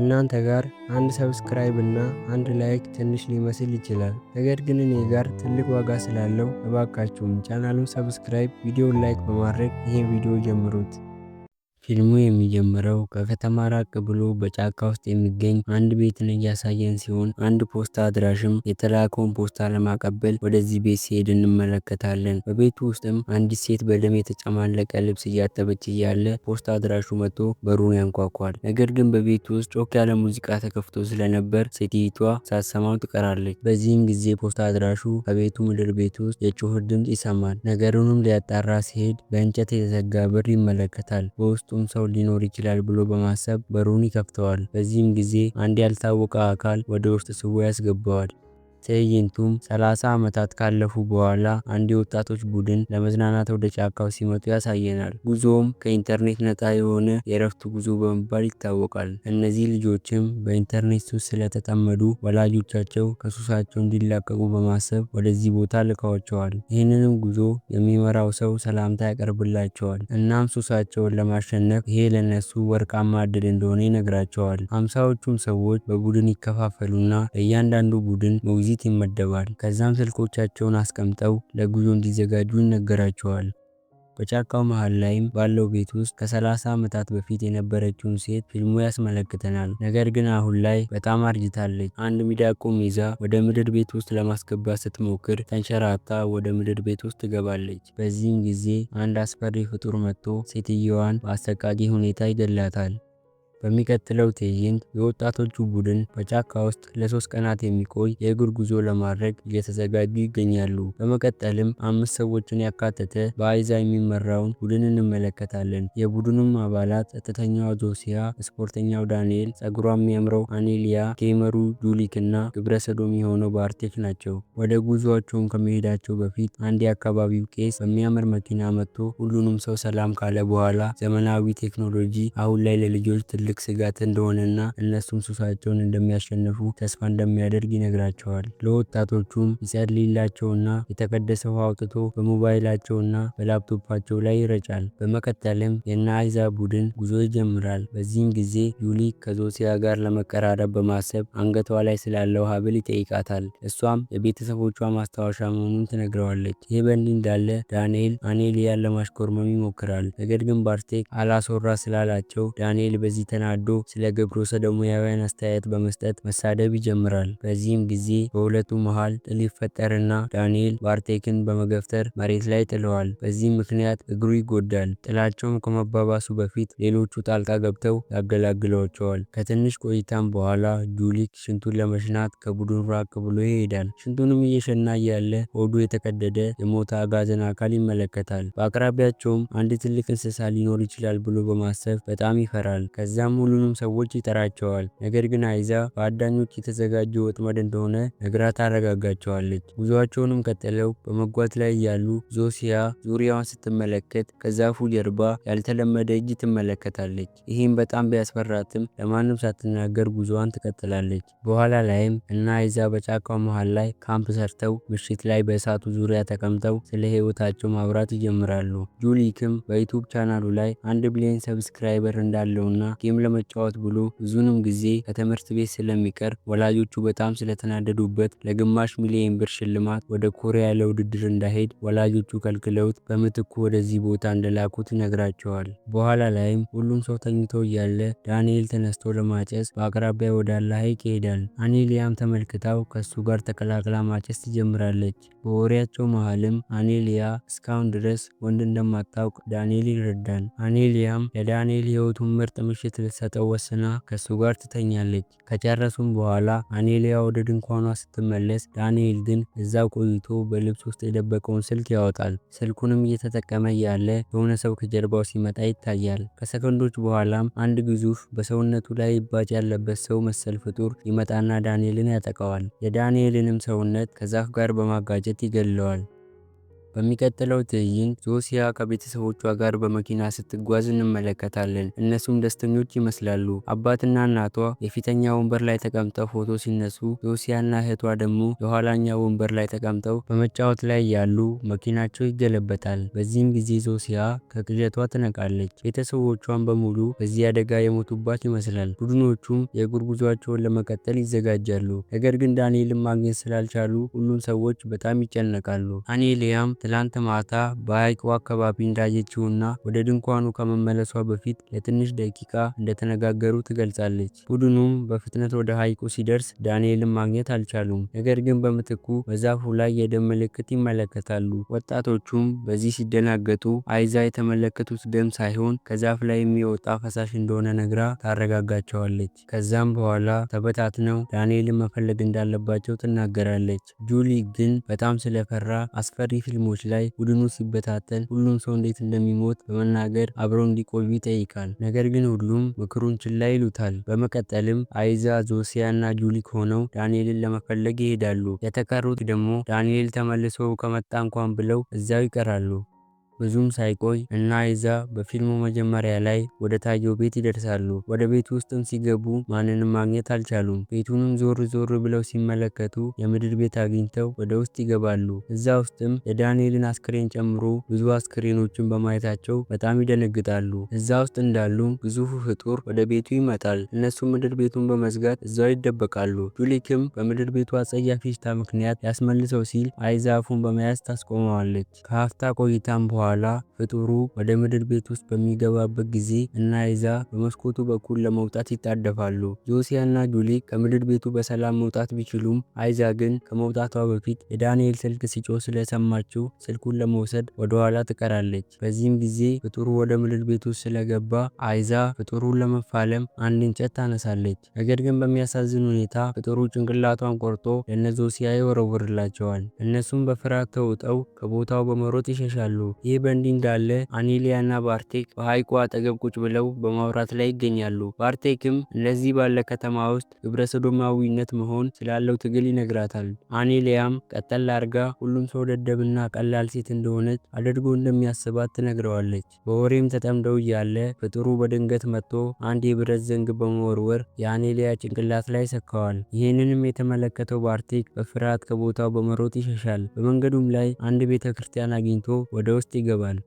እናንተ ጋር አንድ ሰብስክራይብ እና አንድ ላይክ ትንሽ ሊመስል ይችላል። ነገር ግን እኔ ጋር ትልቅ ዋጋ ስላለው እባካችሁም ቻናሉን ሰብስክራይብ፣ ቪዲዮን ላይክ በማድረግ ይሄ ቪዲዮ ጀምሩት። ፊልሙ የሚጀምረው ከከተማ ራቅ ብሎ በጫካ ውስጥ የሚገኝ አንድ ቤትን እያሳየን ሲሆን አንድ ፖስታ አድራሽም የተላከውን ፖስታ ለማቀበል ወደዚህ ቤት ሲሄድ እንመለከታለን። በቤቱ ውስጥም አንዲት ሴት በደም የተጨማለቀ ልብስ እያጠበች እያለ ፖስታ አድራሹ መጥቶ በሩን ያንኳኳል። ነገር ግን በቤቱ ውስጥ ጮክ ያለ ሙዚቃ ተከፍቶ ስለነበር ሴትይቷ ሳትሰማው ትቀራለች። በዚህም ጊዜ ፖስታ አድራሹ ከቤቱ ምድር ቤት ውስጥ የጩኸት ድምፅ ይሰማል። ነገሩንም ሊያጣራ ሲሄድ በእንጨት የተዘጋ በር ይመለከታል። በውስጡ ፍጹም ሰው ሊኖር ይችላል ብሎ በማሰብ በሩን ይከፍተዋል። በዚህም ጊዜ አንድ ያልታወቀ አካል ወደ ውስጥ ስቦ ያስገባዋል። ትዕይንቱም ሰላሳ ዓመታት ካለፉ በኋላ አንድ የወጣቶች ቡድን ለመዝናናት ወደ ጫካው ሲመጡ ያሳየናል። ጉዞውም ከኢንተርኔት ነፃ የሆነ የእረፍት ጉዞ በመባል ይታወቃል። እነዚህ ልጆችም በኢንተርኔት ሱስ ስለተጠመዱ ወላጆቻቸው ከሱሳቸው እንዲላቀቁ በማሰብ ወደዚህ ቦታ ልከዋቸዋል። ይህንንም ጉዞ የሚመራው ሰው ሰላምታ ያቀርብላቸዋል። እናም ሱሳቸውን ለማሸነፍ ይሄ ለነሱ ወርቃማ እድል እንደሆነ ይነግራቸዋል። አምሳዎቹም ሰዎች በቡድን ይከፋፈሉና ለእያንዳንዱ ቡድን መውዚ በጥቂት ይመደባል። ከዛም ስልኮቻቸውን አስቀምጠው ለጉዞ እንዲዘጋጁ ይነገራቸዋል። በጫካው መሃል ላይም ባለው ቤት ውስጥ ከ30 ዓመታት በፊት የነበረችውን ሴት ፊልሙ ያስመለክተናል። ነገር ግን አሁን ላይ በጣም አርጅታለች። አንድ ሚዳቁም ይዛ ወደ ምድር ቤት ውስጥ ለማስገባት ስትሞክር ተንሸራታ ወደ ምድር ቤት ውስጥ ትገባለች። በዚህም ጊዜ አንድ አስፈሪ ፍጡር መጥቶ ሴትየዋን በአሰቃቂ ሁኔታ ይገላታል። በሚቀጥለው ትዕይንት የወጣቶቹ ቡድን በጫካ ውስጥ ለሶስት ቀናት የሚቆይ የእግር ጉዞ ለማድረግ እየተዘጋጁ ይገኛሉ። በመቀጠልም አምስት ሰዎችን ያካተተ በአይዛ የሚመራውን ቡድን እንመለከታለን። የቡድኑም አባላት ጸጥተኛዋ ዞሲያ፣ ስፖርተኛው ዳንኤል፣ ጸጉሯ የሚያምረው አኔሊያ፣ ጌመሩ ጁሊክ እና ግብረሰዶም የሆነው ባርቴክ ናቸው። ወደ ጉዞቸውን ከመሄዳቸው በፊት አንድ የአካባቢው ቄስ በሚያምር መኪና መጥቶ ሁሉንም ሰው ሰላም ካለ በኋላ ዘመናዊ ቴክኖሎጂ አሁን ላይ ለልጆች ትልቅ ስጋት እንደሆነና እነሱም ሱሳቸውን እንደሚያሸንፉ ተስፋ እንደሚያደርግ ይነግራቸዋል። ለወጣቶቹም ይጸልይላቸውና የተቀደሰ ውሃ አውጥቶ በሞባይላቸውና በላፕቶፓቸው ላይ ይረጫል። በመቀጠልም የና አይዛ ቡድን ጉዞ ይጀምራል። በዚህም ጊዜ ዩሊ ከዞሲያ ጋር ለመቀራረብ በማሰብ አንገቷ ላይ ስላለው ሀብል ይጠይቃታል። እሷም የቤተሰቦቿ ማስታወሻ መሆኑን ትነግረዋለች። ይህ በእንዲህ እንዳለ ዳንኤል አኔሊያን ለማሽኮርመም ይሞክራል። ነገር ግን ባርቴክ አላሶራ ስላላቸው ዳንኤል በዚህ ተናዶ ስለ ግብረ ሰዶማውያን አስተያየት በመስጠት መሳደብ ይጀምራል። በዚህም ጊዜ በሁለቱ መሃል ጥል ይፈጠርና ዳንኤል ባርቴክን በመገፍተር መሬት ላይ ጥለዋል። በዚህም ምክንያት እግሩ ይጎዳል። ጥላቸውም ከመባባሱ በፊት ሌሎቹ ጣልቃ ገብተው ያገላግለዋቸዋል። ከትንሽ ቆይታም በኋላ ጁሊክ ሽንቱን ለመሽናት ከቡድን ራቅ ብሎ ይሄዳል። ሽንቱንም እየሸና እያለ ሆዱ የተቀደደ የሞተ አጋዘን አካል ይመለከታል። በአቅራቢያቸውም አንድ ትልቅ እንስሳ ሊኖር ይችላል ብሎ በማሰብ በጣም ይፈራል። ከዚያ ከዚያም ሁሉንም ሰዎች ይጠራቸዋል። ነገር ግን አይዛ በአዳኞች የተዘጋጀ ወጥመድ እንደሆነ ነግራ ታረጋጋቸዋለች። ጉዞቸውንም ቀጥለው በመጓዝ ላይ እያሉ ዞሲያ ዙሪያዋን ስትመለከት ከዛፉ ጀርባ ያልተለመደ እጅ ትመለከታለች። ይህም በጣም ቢያስፈራትም ለማንም ሳትናገር ጉዞዋን ትቀጥላለች። በኋላ ላይም እና አይዛ በጫካው መሃል ላይ ካምፕ ሰርተው ምሽት ላይ በእሳቱ ዙሪያ ተቀምጠው ስለ ህይወታቸው ማብራት ይጀምራሉ። ጁሊክም በዩቱብ ቻናሉ ላይ አንድ ቢሊዮን ሰብስክራይበር እንዳለውና ጌም ጌም ለመጫወት ብሎ ብዙንም ጊዜ ከትምህርት ቤት ስለሚቀር ወላጆቹ በጣም ስለተናደዱበት ለግማሽ ሚሊዮን ብር ሽልማት ወደ ኮሪያ ለውድድር እንዳይሄድ ወላጆቹ ከልክለውት በምትኩ ወደዚህ ቦታ እንደላኩት ይነግራቸዋል። በኋላ ላይም ሁሉም ሰው ተኝቶ እያለ ዳንኤል ተነስቶ ለማጨስ በአቅራቢያ ወዳለ ሐይቅ ይሄዳል። አኔሊያም ተመልክታው ከሱ ጋር ተቀላቅላ ማጨስ ትጀምራለች። በወሬያቸው መሃልም አኔሊያ እስካሁን ድረስ ወንድ እንደማታውቅ ዳንኤል ይረዳል። አኔሊያም ለዳንኤል ህይወቱን ምርጥ ምሽት ልትሰጠው ወስና ከእሱ ጋር ትተኛለች። ከጨረሱም በኋላ አኔሊያ ወደ ድንኳኗ ስትመለስ፣ ዳንኤል ግን እዛው ቆይቶ በልብስ ውስጥ የደበቀውን ስልክ ያወጣል። ስልኩንም እየተጠቀመ ያለ የሆነ ሰው ከጀርባው ሲመጣ ይታያል። ከሰከንዶች በኋላም አንድ ግዙፍ በሰውነቱ ላይ ባጭ ያለበት ሰው መሰል ፍጡር ይመጣና ዳንኤልን ያጠቀዋል። የዳንኤልንም ሰውነት ከዛፍ ጋር በማጋጨት ይገለዋል። በሚቀጥለው ትዕይንት ዞሲያ ከቤተሰቦቿ ጋር በመኪና ስትጓዝ እንመለከታለን። እነሱም ደስተኞች ይመስላሉ። አባትና እናቷ የፊተኛ ወንበር ላይ ተቀምጠው ፎቶ ሲነሱ፣ ዞሲያና እህቷ ደግሞ የኋላኛ ወንበር ላይ ተቀምጠው በመጫወት ላይ ያሉ መኪናቸው ይገለበታል። በዚህም ጊዜ ዞሲያ ከቅዠቷ ትነቃለች። ቤተሰቦቿን በሙሉ በዚህ አደጋ የሞቱባት ይመስላል። ቡድኖቹም የእግር ጉዟቸውን ለመቀጠል ይዘጋጃሉ። ነገር ግን ዳንኤልን ማግኘት ስላልቻሉ ሁሉም ሰዎች በጣም ይጨነቃሉ። ዳንኤልያም ትላንት ማታ በሐይቁ አካባቢ እንዳየችውና ወደ ድንኳኑ ከመመለሷ በፊት ለትንሽ ደቂቃ እንደተነጋገሩ ትገልጻለች። ቡድኑም በፍጥነት ወደ ሐይቁ ሲደርስ ዳንኤልን ማግኘት አልቻሉም። ነገር ግን በምትኩ በዛፉ ላይ የደም ምልክት ይመለከታሉ። ወጣቶቹም በዚህ ሲደናገጡ አይዛ የተመለከቱት ደም ሳይሆን ከዛፍ ላይ የሚወጣ ፈሳሽ እንደሆነ ነግራ ታረጋጋቸዋለች። ከዛም በኋላ ተበታትነው ዳንኤልን መፈለግ እንዳለባቸው ትናገራለች። ጁሊ ግን በጣም ስለፈራ አስፈሪ ፊልሞች ሰዎች ላይ ቡድኑ ሲበታተን ሁሉም ሰው እንዴት እንደሚሞት በመናገር አብረው እንዲቆዩ ይጠይቃል። ነገር ግን ሁሉም ምክሩን ችላ ይሉታል። በመቀጠልም አይዛ፣ ዞሲያ እና ጁሊክ ሆነው ዳንኤልን ለመፈለግ ይሄዳሉ። የተቀሩት ደግሞ ዳንኤል ተመልሶ ከመጣ እንኳን ብለው እዛው ይቀራሉ። ብዙም ሳይቆይ እና ይዛ በፊልሙ መጀመሪያ ላይ ወደ ታየው ቤት ይደርሳሉ። ወደ ቤት ውስጥም ሲገቡ ማንንም ማግኘት አልቻሉም። ቤቱንም ዞር ዞር ብለው ሲመለከቱ የምድር ቤት አግኝተው ወደ ውስጥ ይገባሉ። እዛ ውስጥም የዳንኤልን አስክሬን ጨምሮ ብዙ አስክሬኖችን በማየታቸው በጣም ይደነግጣሉ። እዛ ውስጥ እንዳሉ ግዙፉ ፍጡር ወደ ቤቱ ይመጣል። እነሱ ምድር ቤቱን በመዝጋት እዛው ይደበቃሉ። ጁሊክም በምድር ቤቱ አጸያፊ ሽታ ምክንያት ያስመልሰው ሲል አይዛ አፉን በመያዝ ታስቆመዋለች። ከሀፍታ ቆይታም በኋላ በኋላ ፍጡሩ ወደ ምድር ቤት ውስጥ በሚገባበት ጊዜ እና ይዛ በመስኮቱ በኩል ለመውጣት ይጣደፋሉ። ዞሲያ እና ጁሊ ከምድር ቤቱ በሰላም መውጣት ቢችሉም አይዛ ግን ከመውጣቷ በፊት የዳንኤል ስልክ ሲጮ ስለሰማችው ስልኩን ለመውሰድ ወደኋላ ትቀራለች። በዚህም ጊዜ ፍጡሩ ወደ ምድር ቤቱ ስለገባ አይዛ ፍጡሩን ለመፋለም አንድ እንጨት ታነሳለች። ነገር ግን በሚያሳዝን ሁኔታ ፍጡሩ ጭንቅላቷን ቆርጦ ለነ ዞሲያ ይወረውርላቸዋል። እነሱም በፍርሃት ተውጠው ከቦታው በመሮጥ ይሸሻሉ። ይህ ይህ በእንዲህ እንዳለ አኔሊያና ባርቴክ በሐይቁ አጠገብ ቁጭ ብለው በማውራት ላይ ይገኛሉ። ባርቴክም እንደዚህ ባለ ከተማ ውስጥ ግብረ ሰዶማዊነት መሆን ስላለው ትግል ይነግራታል። አኒሊያም ቀጠል አርጋ ሁሉም ሰው ደደብና ቀላል ሴት እንደሆነች አድርጎ እንደሚያስባት ትነግረዋለች። በወሬም ተጠምደው እያለ ፍጥሩ በድንገት መጥቶ አንድ የብረት ዘንግ በመወርወር የአኔሊያ ጭንቅላት ላይ ሰካዋል። ይህንንም የተመለከተው ባርቴክ በፍርሃት ከቦታው በመሮጥ ይሸሻል። በመንገዱም ላይ አንድ ቤተ ክርስቲያን አግኝቶ ወደ ውስጥ ይገባል።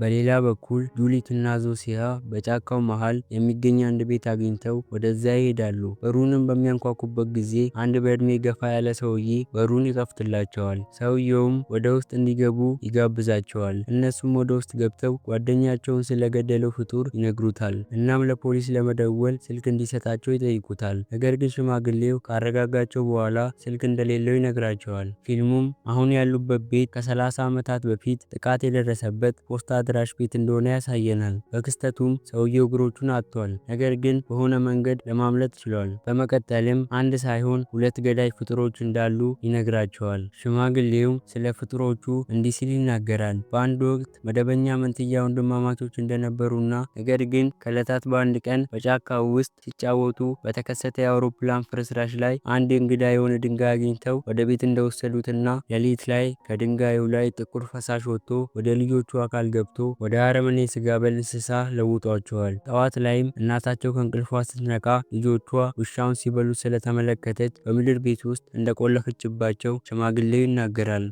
በሌላ በኩል ጁሊትና ዞሲያ በጫካው መሃል የሚገኝ አንድ ቤት አግኝተው ወደዚያ ይሄዳሉ። በሩንም በሚያንኳኩበት ጊዜ አንድ በዕድሜ ገፋ ያለ ሰውዬ በሩን ይከፍትላቸዋል። ሰውየውም ወደ ውስጥ እንዲገቡ ይጋብዛቸዋል። እነሱም ወደ ውስጥ ገብተው ጓደኛቸውን ስለገደለው ፍጡር ይነግሩታል። እናም ለፖሊስ ለመደወል ስልክ እንዲሰጣቸው ይጠይቁታል። ነገር ግን ሽማግሌው ካረጋጋቸው በኋላ ስልክ እንደሌለው ይነግራቸዋል። ፊልሙም አሁን ያሉበት ቤት ከ30 ዓመታት በፊት ጥቃት የደረሰበት ፖስታ አዳራሽ ቤት እንደሆነ ያሳየናል። በክስተቱም ሰውየው እግሮቹን አጥቷል። ነገር ግን በሆነ መንገድ ለማምለጥ ችሏል። በመቀጠልም አንድ ሳይሆን ሁለት ገዳይ ፍጡሮች እንዳሉ ይነግራቸዋል። ሽማግሌውም ስለ ፍጡሮቹ እንዲህ ሲል ይናገራል። በአንድ ወቅት መደበኛ መንትያ ወንድማማቾች እንደነበሩና ነገር ግን ከዕለታት በአንድ ቀን በጫካው ውስጥ ሲጫወቱ በተከሰተ የአውሮፕላን ፍርስራሽ ላይ አንድ እንግዳ የሆነ ድንጋይ አግኝተው ወደ ቤት እንደወሰዱትና ሌሊት ላይ ከድንጋዩ ላይ ጥቁር ፈሳሽ ወጥቶ ወደ ልጆቹ አካል ገብቷል። ገብቶ ወደ አረመኔ ስጋ በል እንስሳ ለውጧቸዋል። ጠዋት ላይም እናታቸው ከእንቅልፏ ስትነቃ ልጆቿ ውሻውን ሲበሉ ስለተመለከተች በምድር ቤት ውስጥ እንደቆለፈችባቸው ሽማግሌው ይናገራል።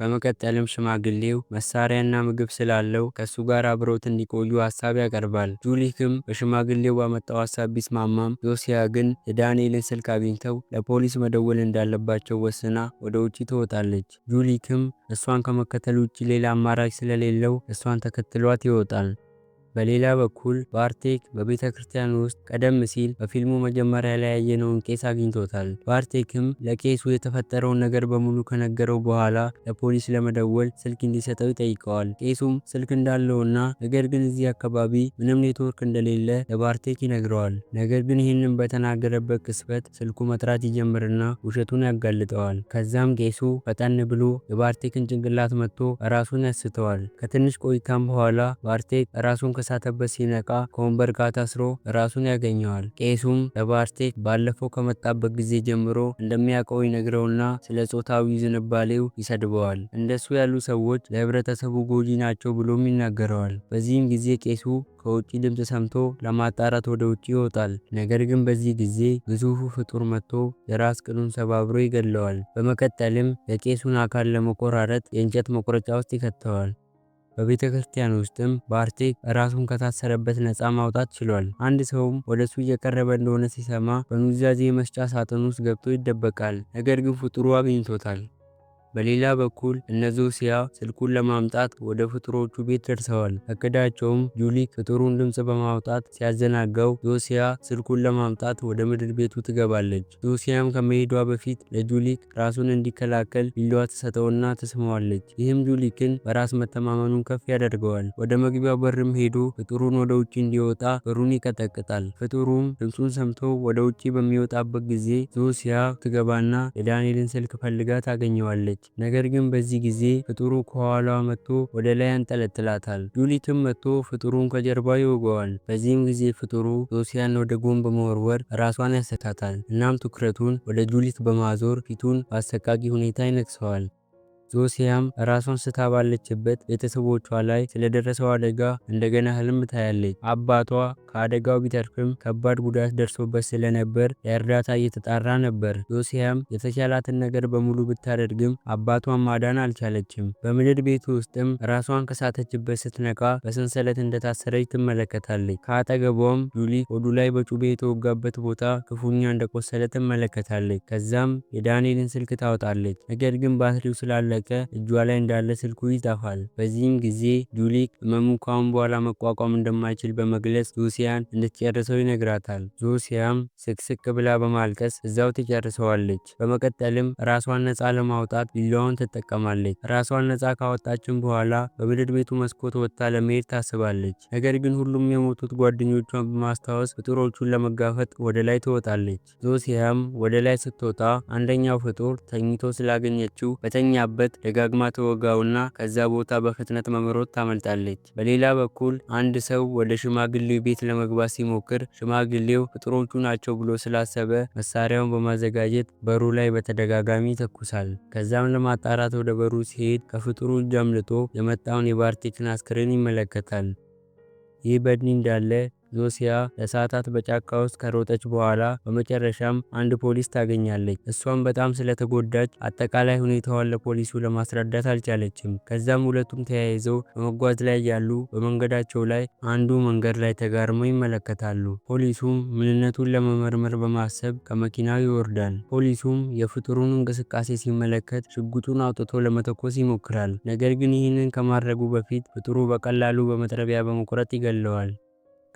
በመቀጠልም ሽማግሌው መሳሪያና ምግብ ስላለው ከእሱ ጋር አብረውት እንዲቆዩ ሀሳብ ያቀርባል። ጁሊክም በሽማግሌው ባመጣው ሀሳብ ቢስማማም ዞሲያ ግን የዳንኤልን ስልክ አግኝተው ለፖሊስ መደወል እንዳለባቸው ወስና ወደ ውጭ ትወጣለች። ጁሊክም እሷን ከመከተል ውጭ ሌላ አማራጭ ስለሌለው እሷን ተከትሏት ይወጣል። በሌላ በኩል ባርቴክ በቤተ ክርስቲያን ውስጥ ቀደም ሲል በፊልሙ መጀመሪያ ላይ ያየነውን ቄስ አግኝቶታል። ባርቴክም ለቄሱ የተፈጠረውን ነገር በሙሉ ከነገረው በኋላ ለፖሊስ ለመደወል ስልክ እንዲሰጠው ይጠይቀዋል። ቄሱም ስልክ እንዳለውና ነገር ግን እዚህ አካባቢ ምንም ኔትወርክ እንደሌለ ለባርቴክ ይነግረዋል። ነገር ግን ይህንን በተናገረበት ቅስበት ስልኩ መጥራት ይጀምርና ውሸቱን ያጋልጠዋል። ከዛም ቄሱ ፈጠን ብሎ የባርቴክን ጭንቅላት መጥቶ ራሱን ያስተዋል። ከትንሽ ቆይታም በኋላ ባርቴክ ራሱን ከሳተበት ሲነቃ ከወንበር ጋር ታስሮ ራሱን ያገኘዋል። ቄሱም ለባርቴክ ባለፈው ከመጣበት ጊዜ ጀምሮ እንደሚያውቀው ይነግረውና ስለ ጾታዊ ዝንባሌው ይሰድበዋል። እንደሱ ያሉ ሰዎች ለህብረተሰቡ ጎጂ ናቸው ብሎም ይናገረዋል። በዚህም ጊዜ ቄሱ ከውጭ ድምፅ ሰምቶ ለማጣራት ወደ ውጭ ይወጣል። ነገር ግን በዚህ ጊዜ ግዙፉ ፍጡር መጥቶ የራስ ቅሉን ሰባብሮ ይገለዋል። በመቀጠልም የቄሱን አካል ለመቆራረጥ የእንጨት መቁረጫ ውስጥ ይከተዋል። በቤተ ክርስቲያን ውስጥም ባርቴክ ራሱን ከታሰረበት ነፃ ማውጣት ችሏል። አንድ ሰውም ወደ እሱ እየቀረበ እንደሆነ ሲሰማ በኑዛዜ መስጫ ሳጥን ውስጥ ገብቶ ይደበቃል። ነገር ግን ፍጡሩ አግኝቶታል። በሌላ በኩል እነ ዞሲያ ስልኩን ለማምጣት ወደ ፍጡሮቹ ቤት ደርሰዋል። እቅዳቸውም ጁሊ ፍጡሩን ድምፅ በማውጣት ሲያዘናጋው ዞሲያ ስልኩን ለማምጣት ወደ ምድር ቤቱ ትገባለች። ዞሲያም ከመሄዷ በፊት ለጁሊክ ራሱን እንዲከላከል ቢላዋ ትሰጠውና ትስመዋለች። ይህም ጁሊክን በራስ መተማመኑን ከፍ ያደርገዋል። ወደ መግቢያው በርም ሄዶ ፍጡሩን ወደ ውጭ እንዲወጣ በሩን ይቀጠቅጣል። ፍጡሩም ድምፁን ሰምቶ ወደ ውጭ በሚወጣበት ጊዜ ዞሲያ ትገባና የዳንኤልን ስልክ ፈልጋ ታገኘዋለች። ሆነች። ነገር ግን በዚህ ጊዜ ፍጡሩ ከኋላዋ መጥቶ ወደ ላይ ያንጠለጥላታል። ጁሊትም መጥቶ ፍጡሩን ከጀርባ ይወገዋል። በዚህም ጊዜ ፍጡሩ ሶሲያን ወደ ጎን በመወርወር ራሷን ያሰታታል። እናም ትኩረቱን ወደ ጁሊት በማዞር ፊቱን በአሰቃቂ ሁኔታ ይነክሰዋል። ዞሲያም ራሷን ስታ ባለችበት ቤተሰቦቿ ላይ ስለደረሰው አደጋ እንደገና ህልም ታያለች። አባቷ ከአደጋው ቢተርፍም ከባድ ጉዳት ደርሶበት ስለነበር ለእርዳታ እየተጣራ ነበር። ዞሲያም የተቻላትን ነገር በሙሉ ብታደርግም አባቷን ማዳን አልቻለችም። በምድር ቤቱ ውስጥም ራሷን ከሳተችበት ስትነቃ በሰንሰለት እንደታሰረች ትመለከታለች። ከአጠገቧም ጁሊ ሆዱ ላይ በጩቤ የተወጋበት ቦታ ክፉኛ እንደቆሰለ ትመለከታለች። ከዛም የዳንኤልን ስልክ ታወጣለች። ነገር ግን ባትሪው ስላለ እያለቀ እጇ ላይ እንዳለ ስልኩ ይጠፋል። በዚህም ጊዜ ጁሊክ ህመሙ ካሁን በኋላ መቋቋም እንደማይችል በመግለጽ ዞሲያን እንድትጨርሰው ይነግራታል። ዞሲያም ስቅስቅ ብላ በማልቀስ እዛው ትጨርሰዋለች። በመቀጠልም ራሷን ነፃ ለማውጣት ቢላዋን ትጠቀማለች። ራሷን ነፃ ካወጣችን በኋላ በምድር ቤቱ መስኮት ወጥታ ለመሄድ ታስባለች። ነገር ግን ሁሉም የሞቱት ጓደኞቿን በማስታወስ ፍጡሮቹን ለመጋፈጥ ወደ ላይ ትወጣለች። ዞሲያም ወደ ላይ ስትወጣ አንደኛው ፍጡር ተኝቶ ስላገኘችው በተኛበት በማለት ደጋግማ ተወጋውና ከዛ ቦታ በፍጥነት መምሮት ታመልጣለች። በሌላ በኩል አንድ ሰው ወደ ሽማግሌው ቤት ለመግባት ሲሞክር ሽማግሌው ፍጥሮቹ ናቸው ብሎ ስላሰበ መሳሪያውን በማዘጋጀት በሩ ላይ በተደጋጋሚ ይተኩሳል። ከዛም ለማጣራት ወደ በሩ ሲሄድ ከፍጥሩ እጅ አምልጦ የመጣውን የባርቴክን አስክሬን ይመለከታል። ይህ በድኒ እንዳለ ዞሲያ ለሰዓታት በጫካ ውስጥ ከሮጠች በኋላ በመጨረሻም አንድ ፖሊስ ታገኛለች። እሷም በጣም ስለተጎዳች አጠቃላይ ሁኔታዋን ለፖሊሱ ለማስረዳት አልቻለችም። ከዛም ሁለቱም ተያይዘው በመጓዝ ላይ ያሉ በመንገዳቸው ላይ አንዱ መንገድ ላይ ተጋርመው ይመለከታሉ። ፖሊሱም ምንነቱን ለመመርመር በማሰብ ከመኪናው ይወርዳል። ፖሊሱም የፍጡሩን እንቅስቃሴ ሲመለከት ሽጉጡን አውጥቶ ለመተኮስ ይሞክራል። ነገር ግን ይህንን ከማድረጉ በፊት ፍጡሩ በቀላሉ በመጥረቢያ በመቁረጥ ይገለዋል።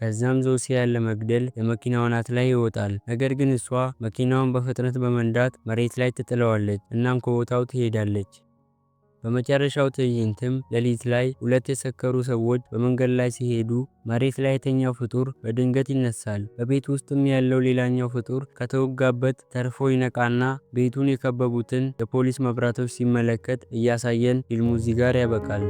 ከዚያም ዞሲያን ለመግደል የመኪናውን አት ላይ ይወጣል። ነገር ግን እሷ መኪናውን በፍጥነት በመንዳት መሬት ላይ ትጥለዋለች። እናም ከቦታው ትሄዳለች። በመጨረሻው ትዕይንትም ሌሊት ላይ ሁለት የሰከሩ ሰዎች በመንገድ ላይ ሲሄዱ መሬት ላይ የተኛው ፍጡር በድንገት ይነሳል። በቤት ውስጥም ያለው ሌላኛው ፍጡር ከተወጋበት ተርፎ ይነቃና ቤቱን የከበቡትን የፖሊስ መብራቶች ሲመለከት እያሳየን ፊልሙ እዚህ ጋር ያበቃል።